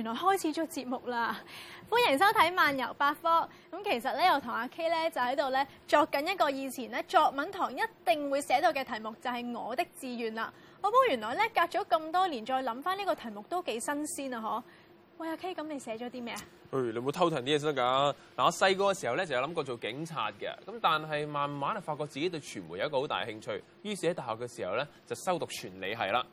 原來開始咗節目啦！歡迎收睇漫遊百科。咁其實咧，我同阿 K 咧就喺度咧作緊一個以前咧作文堂一定會寫到嘅題目，就係《我的志願》啦。我估原來咧隔咗咁多年再諗翻呢個題目都幾新鮮啊！嗬，喂阿 K，咁你寫咗啲咩啊？誒、哎，你冇偷懶啲嘢先得㗎。嗱，我細個嘅時候咧就有諗過做警察嘅，咁但係慢慢啊發覺自己對傳媒有一個好大興趣，於是喺大學嘅時候咧就修讀傳理系啦。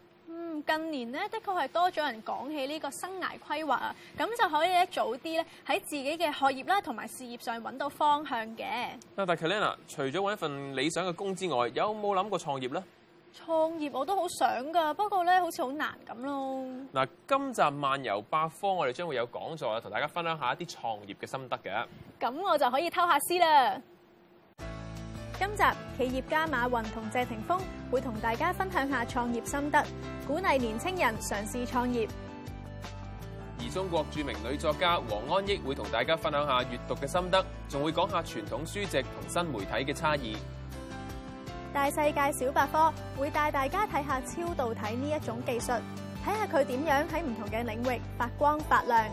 近年咧，的確係多咗人講起呢個生涯規劃啊，咁就可以咧早啲咧喺自己嘅學業啦同埋事業上揾到方向嘅。嗱，但 Karena 除咗揾一份理想嘅工之外，有冇諗過創業咧？創業我都好想噶，不過咧好似好難咁咯。嗱，今集漫遊八方，我哋將會有講座啊，同大家分享下一啲創業嘅心得嘅。咁我就可以偷下私啦。今集。企業家馬雲同謝霆鋒會同大家分享下創業心得，鼓勵年青人嘗試創業。而中國著名女作家王安憶會同大家分享下閱讀嘅心得，仲會講下傳統書籍同新媒體嘅差異。大世界小百科會帶大家睇下超導體呢一種技術，睇下佢點樣喺唔同嘅領域發光發亮。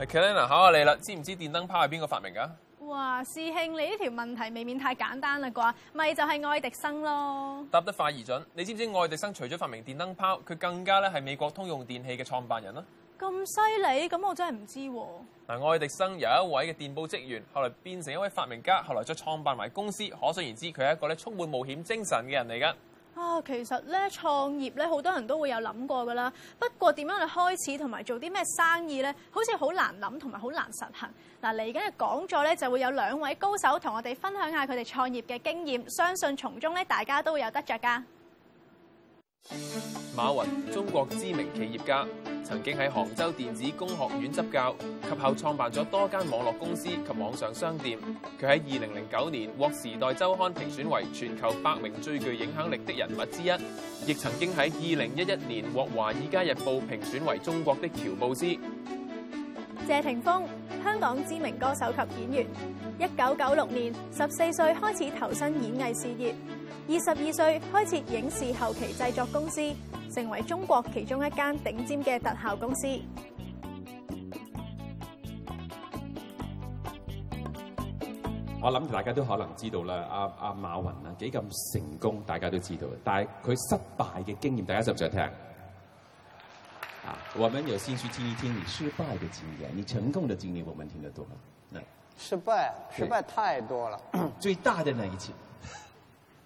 係 Karena 考下你啦，知唔知電燈泡係邊個發明噶？哇，師兄，你呢條問題未免太簡單啦啩，咪就係愛迪生咯。答得快而準，你知唔知愛迪生除咗發明電燈泡，佢更加咧係美國通用電器嘅創辦人啊？咁犀利，咁我真係唔知喎。嗱，愛迪生有一位嘅電報職員，後來變成一位發明家，後來再創辦埋公司。可想而知，佢係一個咧充滿冒險精神嘅人嚟噶。啊、哦，其實咧創業咧好多人都會有諗過㗎啦。不過點樣去開始同埋做啲咩生意咧，好似好難諗同埋好難實行。嗱，嚟緊嘅講座咧就會有兩位高手同我哋分享下佢哋創業嘅經驗，相信從中咧大家都會有得着㗎。馬雲，中國知名企業家，曾經喺杭州電子工學院執教，及後創辦咗多間網絡公司及網上商店。佢喺二零零九年獲《時代周刊》評選為全球百名最具影響力的人物之一，亦曾經喺二零一一年獲《華爾街日報》評選為中國的喬布斯。謝霆鋒，香港知名歌手及演員，一九九六年十四歲開始投身演藝事業。二十二歲開設影視後期製作公司，成為中國其中一間頂尖嘅特效公司。我諗大家都可能知道啦，阿、啊、阿、啊、馬雲啊幾咁成功，大家都知道。但係佢失敗嘅經驗，大家想唔想聽？啊，我們有興趣聽一聽你失敗嘅經驗，你成功嘅經驗我們聽得多。嗯，失敗，失敗太多了。 最大的那一次。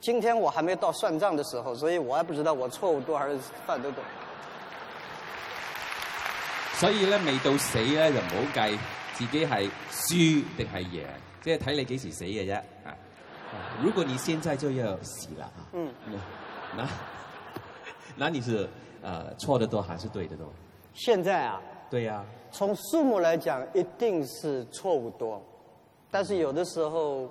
今天我還沒到算賬的時候，所以我還不知道我錯誤多還是犯得多。所以呢，未到死呢，就唔好計自己係輸定係贏，即係睇你幾時死嘅啫，啊。如果你現在就要死了。嗯，那那你是，呃、錯的多還是對的多？現在啊？對呀，啊。從數目來講，一定是錯誤多，但是有的時候。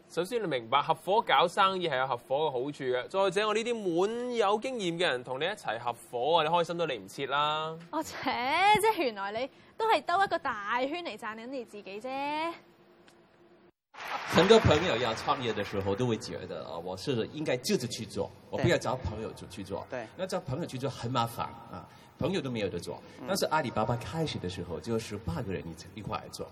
首先你明白合伙搞生意係有合伙嘅好處嘅，再者我呢啲滿有經驗嘅人同你一齊合伙，你開心都嚟唔切啦。哦，切！即係原來你都係兜一個大圈嚟讚緊你自己啫。很多朋友要創業嘅時候都會覺得啊，我是應該自己去做，我不要找朋友做去做。對，對，那找朋友去做很麻煩，啊，朋友都沒有得做。但是阿里巴巴開始的時候就十八個人一起一塊嚟做。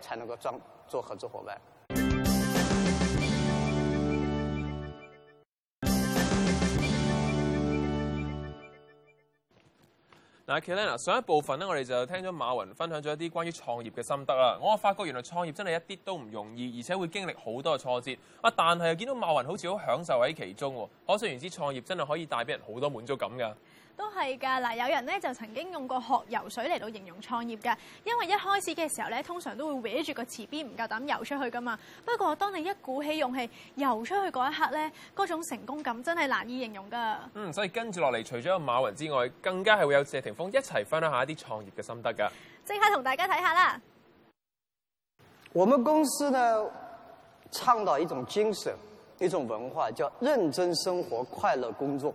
才能夠裝做合作夥伴嗱 k e 上一部分咧，我哋就聽咗馬雲分享咗一啲關於創業嘅心得啦。我發覺原來創業真係一啲都唔容易，而且會經歷好多嘅挫折啊。但係又見到馬雲好似好享受喺其中，可想然之創業真係可以帶俾人好多滿足感噶。都係噶，嗱、啊，有人咧就曾經用過學游水嚟到形容創業嘅，因為一開始嘅時候咧，通常都會搲住個池邊唔夠膽游出去噶嘛。不過，當你一鼓起勇氣游出去嗰一刻咧，嗰種成功感真係難以形容噶、啊。嗯，所以跟住落嚟，除咗馬雲之外，更加係會有謝霆鋒一齊分享下一啲創業嘅心得噶。即刻同大家睇下啦。我們公司呢倡導一種精神，一種文化，叫認真生活，快樂工作。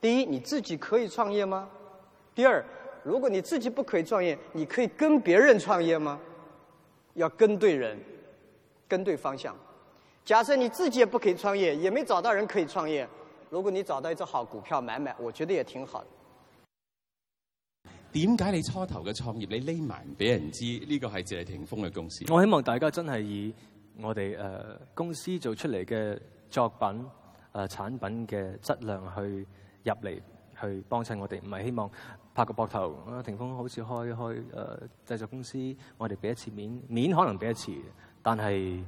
第一，你自己可以創業嗎？第二，如果你自己不可以創業，你可以跟別人創業嗎？要跟對人，跟對方向。假設你自己也不可以創業，也沒找到人可以創業，如果你找到一隻好股票買買，我覺得也挺好的。點解你初頭嘅創業，你匿埋唔俾人知？呢個係謝霆鋒嘅公司。我希望大家真係以我哋誒、呃、公司做出嚟嘅作品誒、呃、產品嘅質量去。入嚟去幫襯我哋，唔係希望拍個膊頭。霆鋒好似開開誒製、呃、作公司，我哋俾一次面，面可能俾一次，但係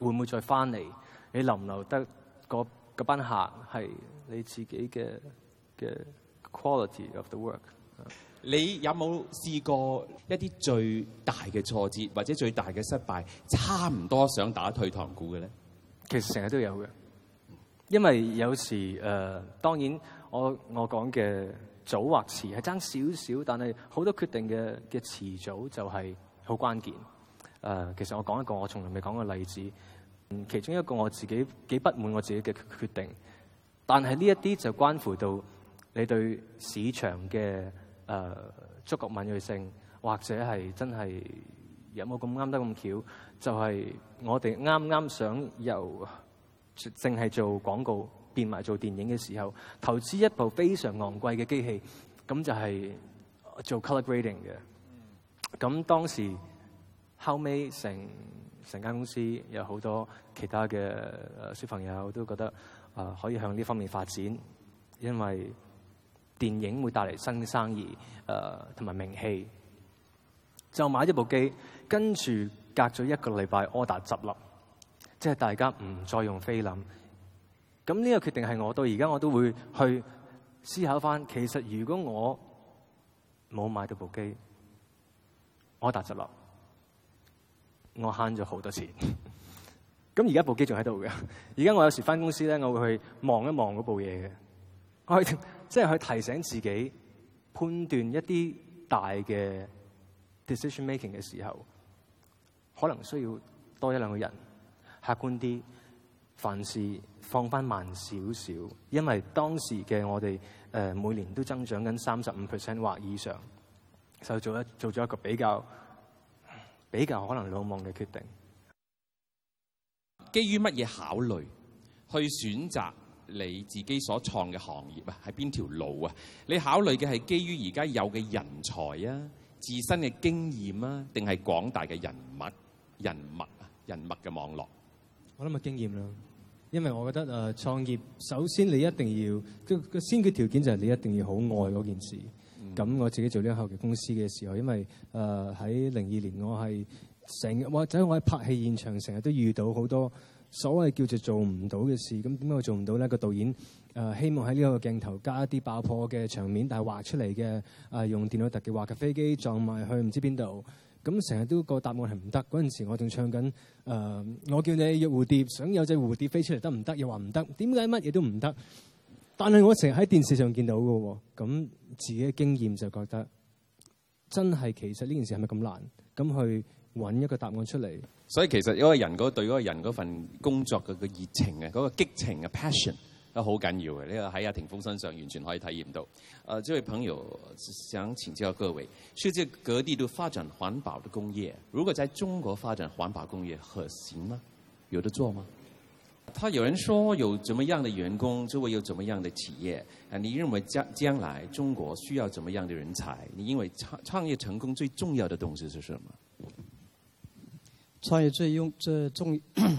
會唔會再翻嚟？你留唔留得嗰班客係你自己嘅嘅 quality of the work？你有冇試過一啲最大嘅挫折或者最大嘅失敗，差唔多想打退堂鼓嘅咧？其實成日都有嘅。因為有時誒、呃，當然我我講嘅早或遲係爭少少，但係好多決定嘅嘅遲早就係好關鍵。誒、呃，其實我講一個我從來未講嘅例子，嗯，其中一個我自己幾不滿我自己嘅決定，但係呢一啲就關乎到你對市場嘅誒觸覺敏銳性，或者係真係有冇咁啱得咁巧，就係、是、我哋啱啱想由。.淨係做廣告變埋做電影嘅時候，投資一部非常昂貴嘅機器，咁就係做 color grading 嘅。咁當時後尾成成間公司有好多其他嘅小朋友都覺得啊，可以向呢方面發展，因為電影會帶嚟新生意誒同埋名氣，就買咗一部機，跟住隔咗一個禮拜柯達執笠。即係大家唔再用菲林，咁呢個決定係我到而家我都會去思考翻。其實如果我冇買到部機，我打直落，我慳咗好多錢。咁而家部機仲喺度嘅，而家我有時翻公司咧，我會去望一望嗰部嘢嘅，我即係、就是、去提醒自己，判斷一啲大嘅 decision making 嘅時候，可能需要多一兩個人。客觀啲，凡事放返慢少少，因為當時嘅我哋誒、呃，每年都增長緊三十五 percent 或以上，就做一做咗一個比較比較可能魯莽嘅決定。基於乜嘢考慮去選擇你自己所創嘅行業啊？喺邊條路啊？你考慮嘅係基於而家有嘅人才啊、自身嘅經驗啊，定係廣大嘅人物、人物啊、人物嘅網絡？我諗嘅經驗啦，因為我覺得誒創、呃、業，首先你一定要個先決條件就係你一定要好愛嗰件事。咁、嗯、我自己做呢個後期公司嘅時候，因為誒喺零二年我係成日，或者我喺拍戲現場成日都遇到好多所謂叫做做唔到嘅事。咁點解我做唔到咧？個導演誒、呃、希望喺呢個鏡頭加一啲爆破嘅場面，但係畫出嚟嘅誒用電腦特技畫嘅飛機撞埋去唔知邊度。咁成日都個答案係唔得，嗰陣時我仲唱緊誒、呃，我叫你約蝴蝶，想有隻蝴蝶飛出嚟得唔得？又話唔得，點解乜嘢都唔得？但係我成日喺電視上見到嘅喎，咁自己嘅經驗就覺得真係其實呢件事係咪咁難？咁去揾一個答案出嚟。所以其實嗰個人嗰對個人嗰份工作嘅個熱情嘅嗰、嗰個激情嘅 passion。嗰個 passion，啊、好緊要嘅，呢、這個喺阿霆鋒身上完全可以體驗到。呃，呢位朋友想請教各位，世界各地都發展環保的工業，如果在中國發展環保工業可行嗎？有得做嗎？他有人說有怎麼樣的員工，就會有怎麼樣的企業。誒、啊，你認為將將來中國需要怎麼樣的人才？你認為創創業成功最重要的東西是什麼？創業最用最重。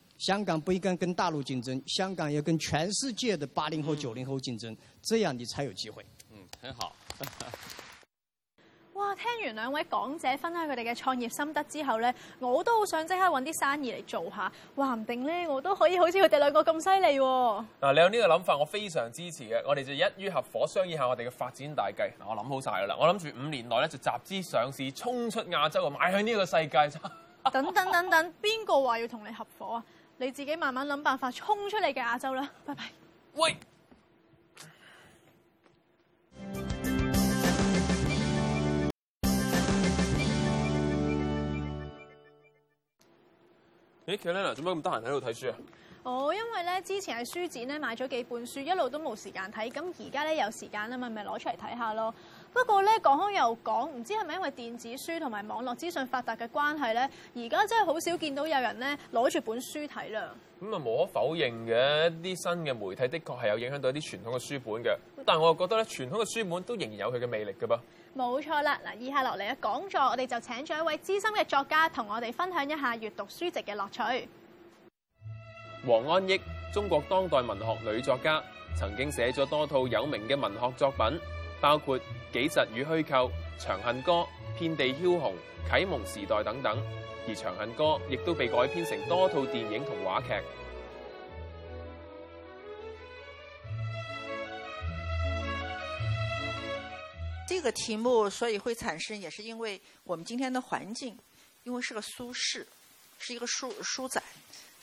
香港不應該跟大陸競爭，香港要跟全世界的八零後、九零後競爭，嗯、這樣你才有機會。嗯，很好。 哇，聽完兩位港姐分享佢哋嘅創業心得之後咧，我都好想即刻揾啲生意嚟做下，話唔定咧我都可以好似佢哋兩個咁犀利。嗱、啊，你有呢個諗法，我非常支持嘅。我哋就一於合伙商議下我哋嘅發展大計。嗱，我諗好晒噶啦，我諗住五年內咧就集資上市，衝出亞洲，買去呢個世界。等等等等，邊個話要同你合伙啊？你自己慢慢諗辦法，衝出嚟嘅亞洲啦，拜拜。喂，咦，Karina，做咩咁得閒喺度睇書啊？哦，因為咧之前喺書展咧買咗幾本書，一路都冇時間睇，咁而家咧有時間啦嘛，咪攞出嚟睇下咯。不過咧講開又講，唔知係咪因為電子書同埋網絡資訊發達嘅關係咧，而家真係好少見到有人咧攞住本書睇啦。咁啊，無可否認嘅一啲新嘅媒體，的確係有影響到啲傳統嘅書本嘅。但係我覺得咧，傳統嘅書本都仍然有佢嘅魅力嘅噃。冇錯啦，嗱，以下落嚟嘅講座，我哋就請咗一位資深嘅作家，同我哋分享一下閱讀書籍嘅樂趣。王安憶，中國當代文學女作家，曾經寫咗多套有名嘅文學作品，包括《紀實與虛構》《長恨歌》《遍地梟雄》《啟蒙時代》等等。而《長恨歌》亦都被改編成多套電影同話劇。這個題目所以會產生，也是因為我們今天的環境，因為是個舒適，是一個書，書展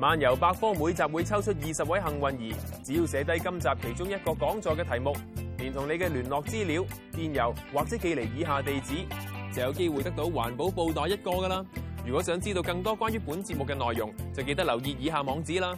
漫遊百科每集會抽出二十位幸運兒，只要寫低今集其中一個講座嘅題目，連同你嘅聯絡資料、電郵或者寄嚟以下地址，就有機會得到環保布袋一個㗎喇。如果想知道更多關於本節目嘅內容，就記得留意以下網址啦。